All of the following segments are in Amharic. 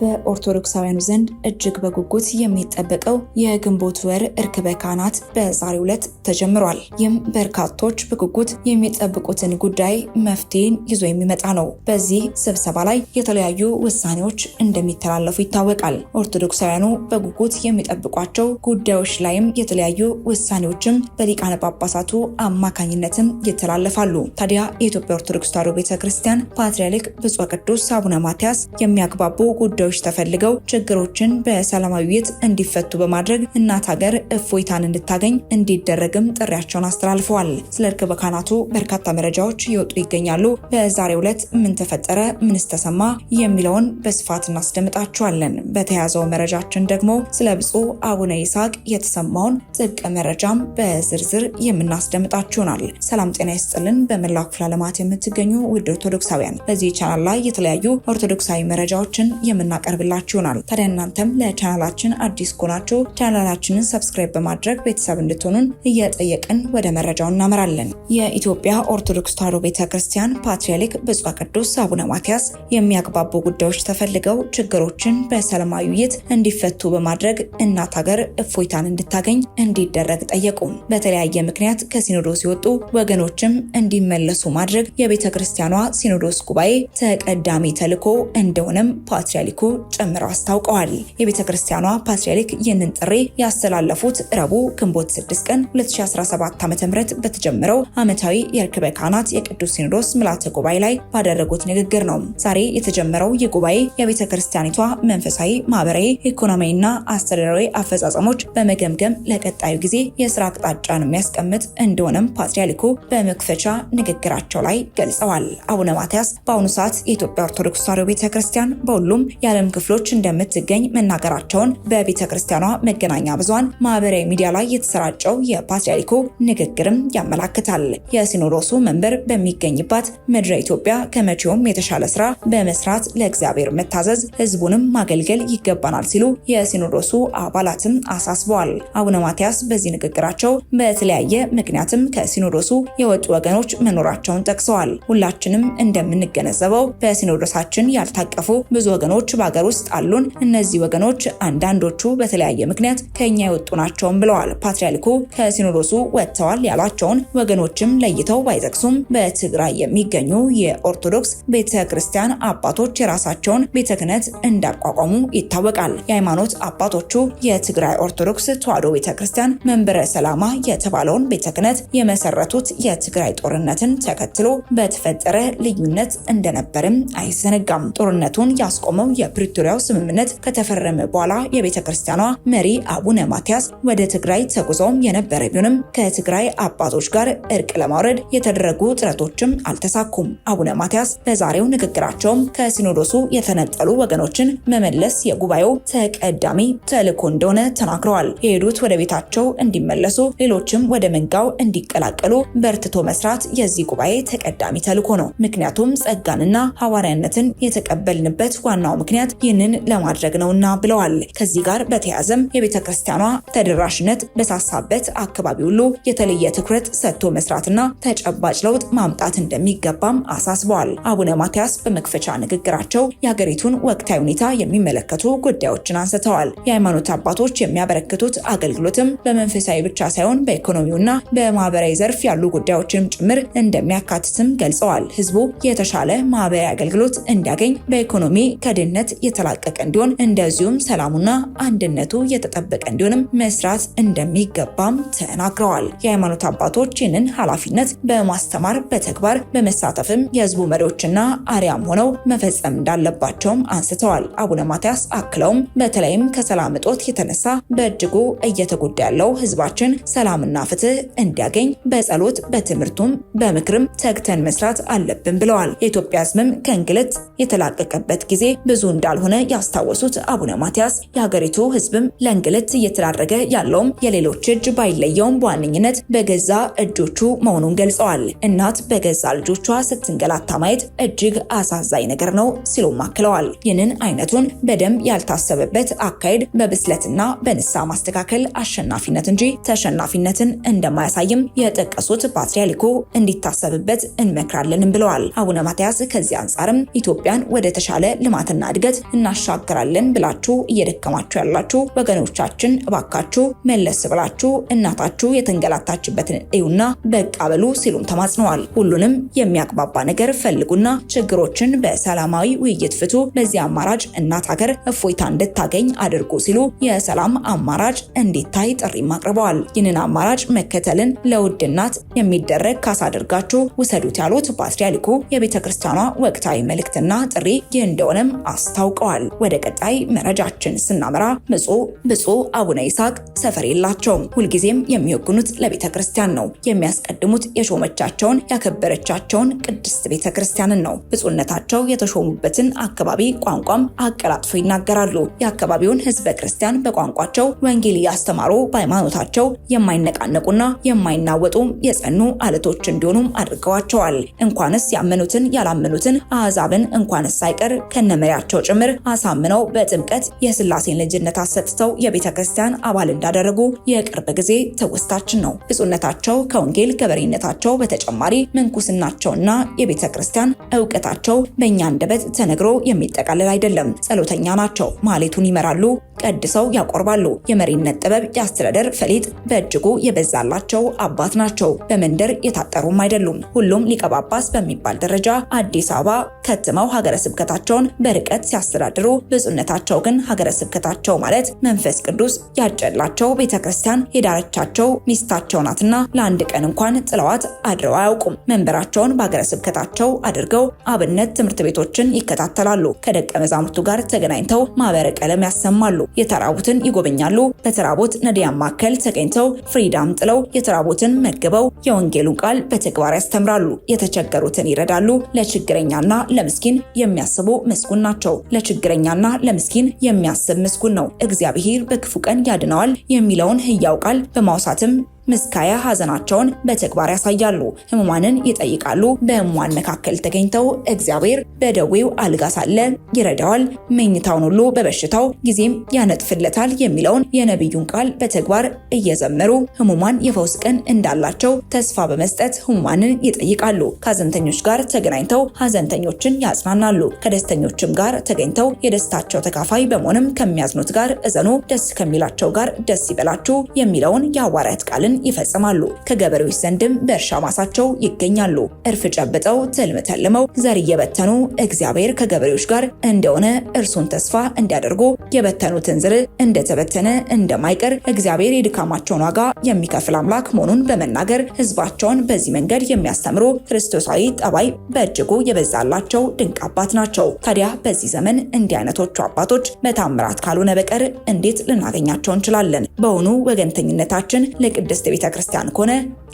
በኦርቶዶክሳውያኑ ዘንድ እጅግ በጉጉት የሚጠበቀው የግንቦት ወር እርክበ ካህናት በዛሬው ዕለት ተጀምሯል። ይህም በርካቶች በጉጉት የሚጠብቁትን ጉዳይ መፍትሄን ይዞ የሚመጣ ነው። በዚህ ስብሰባ ላይ የተለያዩ ውሳኔዎች እንደሚተላለፉ ይታወቃል። ኦርቶዶክሳውያኑ በጉጉት የሚጠብቋቸው ጉዳዮች ላይም የተለያዩ ውሳኔዎችም በሊቃነ ጳጳሳቱ አማካኝነትም ይተላለፋሉ። ታዲያ የኢትዮጵያ ኦርቶዶክስ ተዋሕዶ ቤተ ክርስቲያን ፓትርያርክ ብፁዕ ቅዱስ አቡነ ማትያስ የሚያግባቡ ጉዳዮች ተፈልገው ችግሮችን በሰላማዊ ውይይት እንዲፈቱ በማድረግ እናት ሀገር እፎይታን እንድታገኝ እንዲደረግም ጥሪያቸውን አስተላልፈዋል። ስለ እርክበ በካህናቱ በርካታ መረጃዎች ይወጡ ይገኛሉ። በዛሬው ዕለት ምን ተፈጠረ፣ ምንስ ተሰማ የሚለውን በስፋት እናስደምጣችኋለን። በተያዘው መረጃችን ደግሞ ስለ ብፁዕ አቡነ ይስሐቅ የተሰማውን ጥብቅ መረጃም በዝርዝር የምናስደምጣችሁናል። ሰላም ጤና ይስጥልን። በመላው ክፍለ ዓለማት የምትገኙ ውድ ኦርቶዶክሳውያን በዚህ ቻናል ላይ የተለያዩ ኦርቶዶክሳዊ መረጃዎችን የምናቀርብላችሁ ይሆናል። ታዲያ እናንተም ለቻናላችን አዲስ ከሆናችሁ ቻናላችንን ሰብስክራይብ በማድረግ ቤተሰብ እንድትሆኑን እየጠየቅን ወደ መረጃው እናመራለን። የኢትዮጵያ ኦርቶዶክስ ተዋሕዶ ቤተ ክርስቲያን ፓትርያርክ ብፁዕ ቅዱስ አቡነ ማትያስ የሚያግባቡ ጉዳዮች ተፈልገው ችግሮችን በሰላማዊ ውይይት እንዲፈቱ በማድረግ እናት ሀገር እፎይታን እንድታገኝ እንዲደረግ ጠየቁ። በተለያየ ምክንያት ከሲኖዶስ የወጡ ወገኖችም እንዲመለሱ ማድረግ የቤተ ክርስቲያኗ ሲኖዶስ ጉባኤ ተቀዳሚ ተልዕኮ እንደሆነም ፓትርያርኩ ፓትርያርኩ ጨምረው አስታውቀዋል። የቤተ ክርስቲያኗ ፓትርያርክ ይህንን ጥሪ ያስተላለፉት ረቡዕ ግንቦት 6 ቀን 2017 ዓ.ም በተጀመረው ዓመታዊ የርክበ ካህናት የቅዱስ ሲኖዶስ ምልዓተ ጉባኤ ላይ ባደረጉት ንግግር ነው። ዛሬ የተጀመረው ይህ ጉባኤ የቤተ ክርስቲያኒቷ መንፈሳዊ፣ ማህበራዊ፣ ኢኮኖሚያዊና አስተዳደራዊ አፈጻጸሞች በመገምገም ለቀጣዩ ጊዜ የስራ አቅጣጫን የሚያስቀምጥ እንደሆነም ፓትርያርኩ በመክፈቻ ንግግራቸው ላይ ገልጸዋል። አቡነ ማትያስ በአሁኑ ሰዓት የኢትዮጵያ ኦርቶዶክስ ተዋሕዶ ቤተ ክርስቲያን በሁሉም የዓለም ክፍሎች እንደምትገኝ መናገራቸውን በቤተ ክርስቲያኗ መገናኛ ብዙሃን ማህበራዊ ሚዲያ ላይ የተሰራጨው የፓትርያርኩ ንግግርም ያመላክታል። የሲኖዶሱ መንበር በሚገኝባት ምድረ ኢትዮጵያ ከመቼውም የተሻለ ስራ በመስራት ለእግዚአብሔር መታዘዝ፣ ህዝቡንም ማገልገል ይገባናል ሲሉ የሲኖዶሱ አባላትም አሳስበዋል። አቡነ ማትያስ በዚህ ንግግራቸው በተለያየ ምክንያትም ከሲኖዶሱ የወጡ ወገኖች መኖራቸውን ጠቅሰዋል። ሁላችንም እንደምንገነዘበው በሲኖዶሳችን ያልታቀፉ ብዙ ወገኖች ወገኖች በሀገር ውስጥ አሉን። እነዚህ ወገኖች አንዳንዶቹ በተለያየ ምክንያት ከኛ የወጡ ናቸውም ብለዋል። ፓትርያርኩ ከሲኖዶሱ ወጥተዋል ያሏቸውን ወገኖችም ለይተው ባይጠቅሱም በትግራይ የሚገኙ የኦርቶዶክስ ቤተ ክርስቲያን አባቶች የራሳቸውን ቤተ ክህነት እንዳቋቋሙ ይታወቃል። የሃይማኖት አባቶቹ የትግራይ ኦርቶዶክስ ተዋሕዶ ቤተ ክርስቲያን መንበረ ሰላማ የተባለውን ቤተ ክህነት የመሰረቱት የትግራይ ጦርነትን ተከትሎ በተፈጠረ ልዩነት እንደነበርም አይዘነጋም። ጦርነቱን ያስቆመው የቆመው የፕሪቶሪያው ስምምነት ከተፈረመ በኋላ የቤተ ክርስቲያኗ መሪ አቡነ ማቲያስ ወደ ትግራይ ተጉዞም የነበረ ቢሆንም ከትግራይ አባቶች ጋር እርቅ ለማውረድ የተደረጉ ጥረቶችም አልተሳኩም። አቡነ ማቲያስ በዛሬው ንግግራቸውም ከሲኖዶሱ የተነጠሉ ወገኖችን መመለስ የጉባኤው ተቀዳሚ ተልዕኮ እንደሆነ ተናግረዋል። የሄዱት ወደ ቤታቸው እንዲመለሱ፣ ሌሎችም ወደ መንጋው እንዲቀላቀሉ በርትቶ መስራት የዚህ ጉባኤ ተቀዳሚ ተልዕኮ ነው። ምክንያቱም ጸጋንና ሐዋርያነትን የተቀበልንበት ዋና ዋናው ምክንያት ይህንን ለማድረግ ነውና ብለዋል። ከዚህ ጋር በተያያዘም የቤተ ክርስቲያኗ ተደራሽነት በሳሳበት አካባቢ ሁሉ የተለየ ትኩረት ሰጥቶ መስራትና ተጨባጭ ለውጥ ማምጣት እንደሚገባም አሳስበዋል። አቡነ ማትያስ በመክፈቻ ንግግራቸው የሀገሪቱን ወቅታዊ ሁኔታ የሚመለከቱ ጉዳዮችን አንስተዋል። የሃይማኖት አባቶች የሚያበረክቱት አገልግሎትም በመንፈሳዊ ብቻ ሳይሆን በኢኮኖሚውና በማህበራዊ ዘርፍ ያሉ ጉዳዮችንም ጭምር እንደሚያካትትም ገልጸዋል። ህዝቡ የተሻለ ማህበራዊ አገልግሎት እንዲያገኝ በኢኮኖሚ ከድ አንድነት የተላቀቀ እንዲሆን እንደዚሁም ሰላሙና አንድነቱ የተጠበቀ እንዲሆንም መስራት እንደሚገባም ተናግረዋል። የሃይማኖት አባቶች ይህንን ኃላፊነት በማስተማር በተግባር በመሳተፍም የህዝቡ መሪዎችና አርያም ሆነው መፈጸም እንዳለባቸውም አንስተዋል። አቡነ ማትያስ አክለውም በተለይም ከሰላም እጦት የተነሳ በእጅጉ እየተጎዳ ያለው ህዝባችን ሰላምና ፍትህ እንዲያገኝ በጸሎት በትምህርቱም በምክርም ተግተን መስራት አለብን ብለዋል። የኢትዮጵያ ህዝብም ከእንግልት የተላቀቀበት ጊዜ ብዙ እንዳልሆነ ያስታወሱት አቡነ ማትያስ የሀገሪቱ ህዝብም ለእንግልት እየተዳረገ ያለውም የሌሎች እጅ ባይለየውም በዋነኝነት በገዛ እጆቹ መሆኑን ገልጸዋል። እናት በገዛ ልጆቿ ስትንገላታ ማየት እጅግ አሳዛኝ ነገር ነው ሲሉም አክለዋል። ይህንን አይነቱን በደንብ ያልታሰበበት አካሄድ በብስለትና በንሳ ማስተካከል አሸናፊነት እንጂ ተሸናፊነትን እንደማያሳይም የጠቀሱት ፓትርያርኩ እንዲታሰብበት እንመክራለንም ብለዋል። አቡነ ማትያስ ከዚህ አንጻርም ኢትዮጵያን ወደ ተሻለ ልማትና ለውጥና እድገት እናሻግራለን ብላችሁ እየደከማችሁ ያላችሁ ወገኖቻችን እባካችሁ መለስ ብላችሁ እናታችሁ የተንገላታችበትን እዩና በቃ በሉ ሲሉም ተማጽነዋል። ሁሉንም የሚያግባባ ነገር ፈልጉና ችግሮችን በሰላማዊ ውይይት ፍቱ። በዚህ አማራጭ እናት ሀገር እፎይታ እንድታገኝ አድርጉ ሲሉ የሰላም አማራጭ እንዲታይ ጥሪም አቅርበዋል። ይህንን አማራጭ መከተልን ለውድ እናት የሚደረግ ካሳ አድርጋችሁ ውሰዱት ያሉት ፓትርያርኩ የቤተ ክርስቲያኗ ወቅታዊ መልእክትና ጥሪ ይህ እንደሆነም አስታውቀዋል። ወደ ቀጣይ መረጃችን ስናመራ ምጹ ብፁዕ አቡነ ይስሐቅ ሰፈር የላቸውም። ሁልጊዜም የሚወግኑት ለቤተ ክርስቲያን ነው። የሚያስቀድሙት የሾመቻቸውን ያከበረቻቸውን ቅድስት ቤተ ክርስቲያንን ነው። ብጹነታቸው የተሾሙበትን አካባቢ ቋንቋም አቀላጥፎ ይናገራሉ። የአካባቢውን ህዝበ ክርስቲያን በቋንቋቸው ወንጌል እያስተማሩ በሃይማኖታቸው የማይነቃነቁና የማይናወጡ የጸኑ አለቶች እንዲሆኑም አድርገዋቸዋል። እንኳንስ ያመኑትን ያላመኑትን አሕዛብን እንኳንስ ሳይቀር ከነመሪያ ልጃቸው ጭምር አሳምነው በጥምቀት የስላሴን ልጅነት አሰጥተው የቤተ ክርስቲያን አባል እንዳደረጉ የቅርብ ጊዜ ትውስታችን ነው። ብፁዕነታቸው ከወንጌል ገበሬነታቸው በተጨማሪ ምንኩስናቸውና የቤተ ክርስቲያን እውቀታቸው በእኛ አንደበት ተነግሮ የሚጠቃለል አይደለም። ጸሎተኛ ናቸው። ማሌቱን ይመራሉ ቀድሰው ያቆርባሉ። የመሪነት ጥበብ፣ የአስተዳደር ፈሊጥ በእጅጉ የበዛላቸው አባት ናቸው። በመንደር የታጠሩም አይደሉም። ሁሉም ሊቀ ጳጳስ በሚባል ደረጃ አዲስ አበባ ከትመው ሀገረ ስብከታቸውን በርቀት ሲያስተዳድሩ፣ ብፁዕነታቸው ግን ሀገረ ስብከታቸው ማለት መንፈስ ቅዱስ ያጨላቸው ቤተ ክርስቲያን የዳረቻቸው ሚስታቸው ናትና ለአንድ ቀን እንኳን ጥለዋት አድረው አያውቁም። መንበራቸውን በሀገረ ስብከታቸው አድርገው አብነት ትምህርት ቤቶችን ይከታተላሉ። ከደቀ መዛሙርቱ ጋር ተገናኝተው ማህበረ ቀለም ያሰማሉ። የተራቡትን ይጎበኛሉ። በተራቡት ነዳያን መካከል ተገኝተው ፍሪዳም ጥለው የተራቡትን መግበው የወንጌሉን ቃል በተግባር ያስተምራሉ። የተቸገሩትን ይረዳሉ። ለችግረኛና ለምስኪን የሚያስቡ ምስጉን ናቸው። ለችግረኛና ለምስኪን የሚያስብ ምስጉን ነው። እግዚአብሔር በክፉ ቀን ያድነዋል የሚለውን ሕያው ቃል በማውሳትም ምስካያ ሐዘናቸውን በተግባር ያሳያሉ፣ ህሙማንን ይጠይቃሉ። በህሙማን መካከል ተገኝተው እግዚአብሔር በደዌው አልጋ ሳለ ይረዳዋል፣ መኝታውን ሁሉ በበሽታው ጊዜም ያነጥፍለታል የሚለውን የነቢዩን ቃል በተግባር እየዘመሩ ህሙማን የፈውስ ቀን እንዳላቸው ተስፋ በመስጠት ህሙማንን ይጠይቃሉ። ከሐዘንተኞች ጋር ተገናኝተው ሐዘንተኞችን ያጽናናሉ። ከደስተኞችም ጋር ተገኝተው የደስታቸው ተካፋይ በመሆንም ከሚያዝኑት ጋር እዘኑ፣ ደስ ከሚላቸው ጋር ደስ ይበላችሁ የሚለውን የሐዋርያት ቃልን ተግባርን ይፈጽማሉ። ከገበሬዎች ዘንድም በእርሻ ማሳቸው ይገኛሉ። እርፍ ጨብጠው ትልም ተልመው ዘር እየበተኑ እግዚአብሔር ከገበሬዎች ጋር እንደሆነ እርሱን ተስፋ እንዲያደርጉ የበተኑትን ዝር እንደተበተነ እንደማይቀር እግዚአብሔር የድካማቸውን ዋጋ የሚከፍል አምላክ መሆኑን በመናገር ሕዝባቸውን በዚህ መንገድ የሚያስተምሩ ክርስቶሳዊ ጠባይ በእጅጉ የበዛላቸው ድንቅ አባት ናቸው። ታዲያ በዚህ ዘመን እንዲህ አይነቶቹ አባቶች በታምራት ካልሆነ በቀር እንዴት ልናገኛቸው እንችላለን? በውኑ ወገንተኝነታችን ለቅድስ ቅድስት ቤተ ክርስቲያን ከሆነ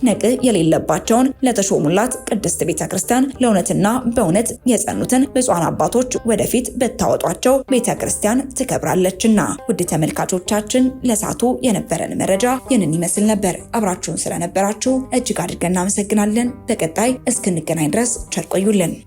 ነቅ የሌለባቸውን ለተሾሙላት ቅድስት ቤተ ክርስቲያን ለእውነትና በእውነት የጸኑትን ብፁዓን አባቶች ወደፊት በታወጧቸው ቤተ ክርስቲያን ትከብራለችና። ውድ ተመልካቾቻችን ለሳቱ የነበረን መረጃ ይህንን ይመስል ነበር። አብራችሁን ስለነበራችሁ እጅግ አድርገን እናመሰግናለን። በቀጣይ እስክንገናኝ ድረስ ቸር ቆዩልን።